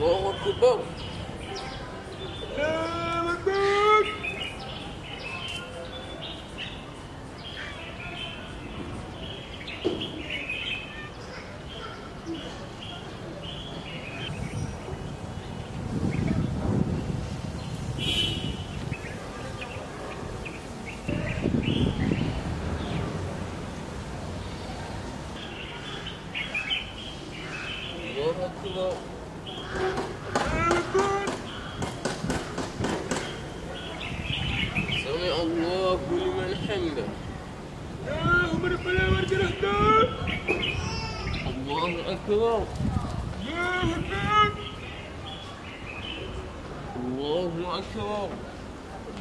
louco, bom. الله أكبر الله أكبر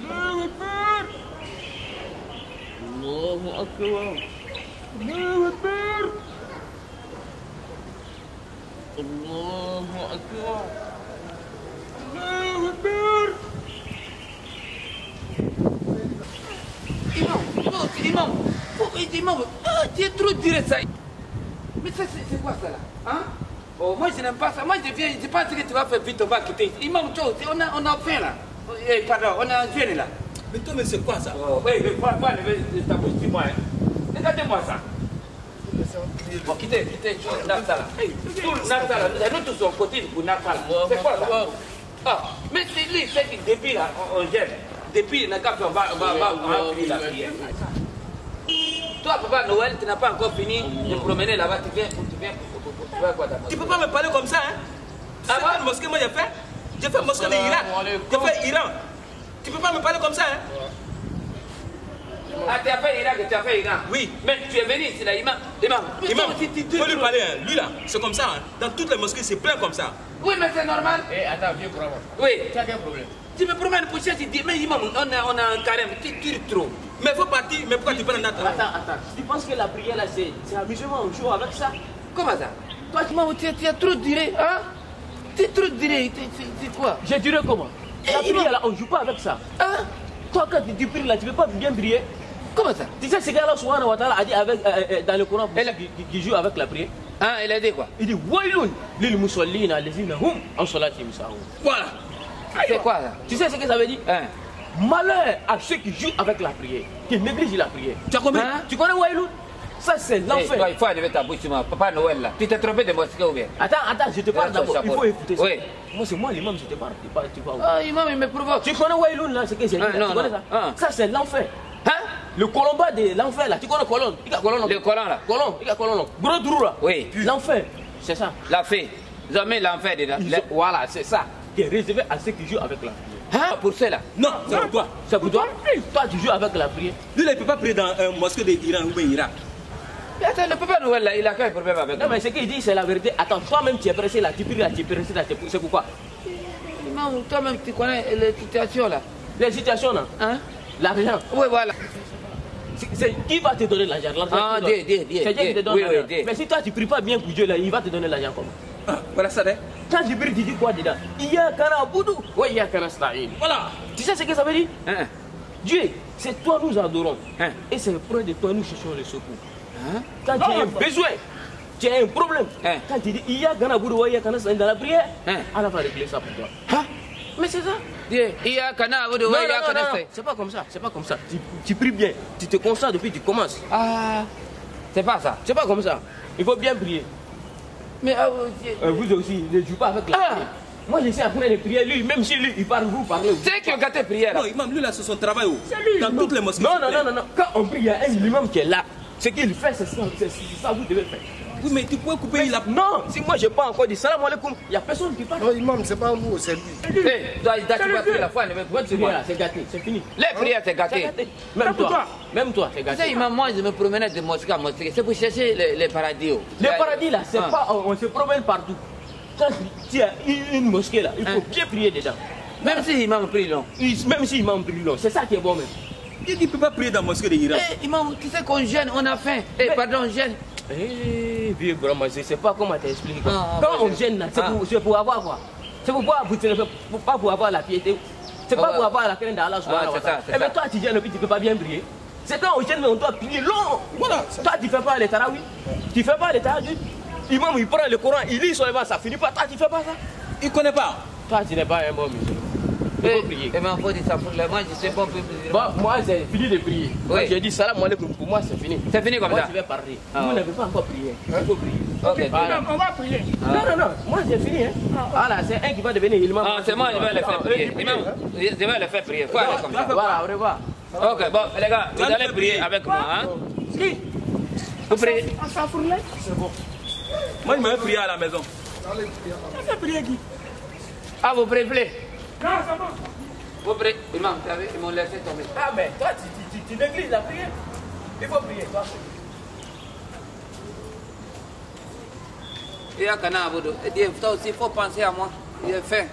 الله أكبر الله أكبر الله أكبر الله أكبر الله أكبر إمام فوق إمام فوق إيدي إمام آه تيترو ديرة سعيد Mais ça, c'est quoi ça là hein? oh, Moi, je n'aime pas ça. Moi, je viens, je pense que tu vas faire vite, quitter. Il manque chose. On a, on a là. Eh, pardon, on a un là. Mais toi, mais c'est quoi ça oh, moi hein. Regardez-moi ça. Bon, ça ah, c'est lui, là, on gêne. Depuis, toi, papa Noël, tu n'as pas encore fini de promener là-bas. Tu viens pour, tu viens pour, tu vas quoi Tu peux pas me parler comme ça, hein Tu ah mosquée moi j'ai fait J'ai fait mosquée de l'Irak, J'ai fait Iran. Tu peux pas me parler comme ça, hein ah, tu as fait Irak, tu as fait Iran. Oui. Mais tu es venu c'est là, imam. Imam, imam, peux lui parler, hein. lui là, c'est comme ça. Hein. Dans toutes les mosquées, c'est plein comme ça. Oui, mais c'est normal. Eh, attends, viens pour moi. Oui. Tu as quel problème Tu me promènes pour chercher, tu dis, mais imam, on a, on a un carême, tu tires trop. Mais faut partir, mais pourquoi tu prends un hein? Attends, attends. Tu penses que la prière là, c'est musulman, on joue avec ça Comment ça Toi, tu m'as tu as trop duré, hein Tu es trop duré, c'est quoi J'ai duré comment La prière là, on joue pas avec ça. Hein Toi, quand tu pries là, tu veux pas bien prier Comment ça Tu sais ce gars-là, Souhana Ouattara a dit avec, euh, euh, dans le Coran, Elle... qui, qui joue avec la prière. Hein, elle a dit quoi Il dit Wailun, L'île Moussolina, les hum, en ça. Voilà. C'est quoi ça Tu sais ce que ça veut dire hein Malheur à ceux qui jouent avec la prière, qui négligent la prière. Tu as compris hein? Tu connais Wailou ça, c'est l'enfer. Eh, il faut enlever ta bouche, Papa Noël, là. Tu t'es trompé de mosquée ou bien Attends, attends, je te parle eh, d'abord. Il faut écouter ça. Oui. Moi, c'est moi l'imam, je te parle. Tu, parles, tu Ah, imam, il me provoque. Tu connais Wailoun, là, c'est que c'est? Ah, ça ah. Ça, c'est l'enfer. Hein Le colomba de l'enfer, là. Tu connais Colombe Il y a Colombe. Le colomb là. il y a Gros trou, là. Oui. L'enfer, c'est ça. La fée. Jamais l'enfer dedans. Voilà, c'est ça. Qui est réservé à ceux qui jouent avec la Hein, pour cela Non, c'est pour toi. C'est pour toi Toi, tu joues avec la prière. Lui, il ne peut pas prier dans un mosquée d'Iran ou bien Irak. Le peuple là. il a un problème avec Non, mais ce qu'il dit, c'est la vérité. Attends, toi-même, tu es pressé là, tu pries là, tu es pressé là, tu C'est pourquoi toi-même, tu connais les situations là. Les situations là Hein L'argent. Oui, voilà. C'est qui va te donner l'argent Ah, Dieu, Dieu, Dieu. C'est Dieu qui te donne l'argent. Mais si toi, tu pries pas bien pour Dieu, là, il va te donner l'argent comment voilà ça prie, Quand Jibril dit quoi dedans Iyaka na'budu wa Voilà. Tu sais ce que ça veut dire hein? Dieu, c'est toi nous adorons. Hein? Et c'est auprès de toi nous cherchons le secours. Hein? Quand tu as un besoin, tu as un problème. Hein? Quand tu dis il y wa iyaka nasta'in dans la prière, Allah va régler ça pour toi. Mais c'est ça. Dieu, wa C'est pas comme ça, c'est pas comme ça. Tu, tu pries bien, tu te concentres depuis que tu commences. Ah, c'est pas ça. C'est pas comme ça. Il faut bien prier. Mais euh, euh, euh, vous aussi, ne jouez pas avec la ah. Moi, je suis les prières prières, lui, même si lui, il parle, vous parlez. C'est qui a gâté prière. Non, l'imam, lui, là, c'est son travail. Oh. Dans toutes les mosquées. Non, non, non, non, non. Quand on prie, il y a un même qui est là. Ce qu'il fait, c'est ça, vous devez faire. Oui, mais tu peux couper la... Non, si moi n'ai pas encore dit salam alaikum, il n'y a personne qui parle. Non, imam, c'est pas vous, c'est service Hé, eh, toi, tu vas la foi, c'est c'est gâté, c'est fini. Les prières, c'est gâté. Même toi, même toi, c'est gâté. Tu sais, imam, moi je me promenais de mosquée à mosquée, c'est pour chercher les, paradis. Oh. Les paradis là, c'est ah. pas, on se promène partout. Quand tu as une mosquée là, il faut hein. bien prier dedans. Même si imam prie long. Même si imam prie long, c'est ça qui est bon même. Il ne peut pas prier dans la mosquée de Hira. Eh, imam, tu sais qu'on gêne, on a faim. Eh, pardon, gêne. Eh, vieux grand, je ne sais pas comment t'expliquer. Ah, Quand bah, on gêne, ah. c'est pour, avoir quoi C'est pour, pas pour avoir la piété. C'est pas ah, pour bah. avoir la crainte d'Allah. Ah, eh, mais toi, tu gênes et tu ne peux pas bien prier. C'est quand on gêne, on doit prier long. Toi, tu ne fais pas les tarawih. Tu ne fais pas les tarawih. Imam, il prend le Coran, il lit sur les mains, ça finit pas. Toi, tu ne fais pas ça. Il ne connaît pas. Toi, tu n'es pas un bon et, eh, prier. Eh ben, ça pour moi, je sais pas prier. Bon, moi, j'ai fini de prier. Oui. J'ai dit salam moi pour moi, c'est fini. C'est fini comme ça Moi, je vais parler. Ah vous n'avez pas encore prié. Il hein? faut prier. Ok. on va prier. Ah. Non, non, non, moi, j'ai fini. voilà, hein. ah. c'est un qui va devenir il Ah, c'est moi, je vais le faire prier. Je vais le faire prier. Faut comme ça. Voilà, au revoir. Ok, bon, les gars, vous allez prier avec moi. Hein. Qui Vous priez C'est bon. Moi, je vais prier à la maison. Je vais prier qui Ah, vous priez non, ça marche. Vous priez, imam, ils m'ont laissé tomber. Ah, mais toi, tu, tu, tu, négliges la prière. Il faut prier, toi. Il y a un canard à boudou. Il dit, toi aussi, il faut penser à moi. Il est faim.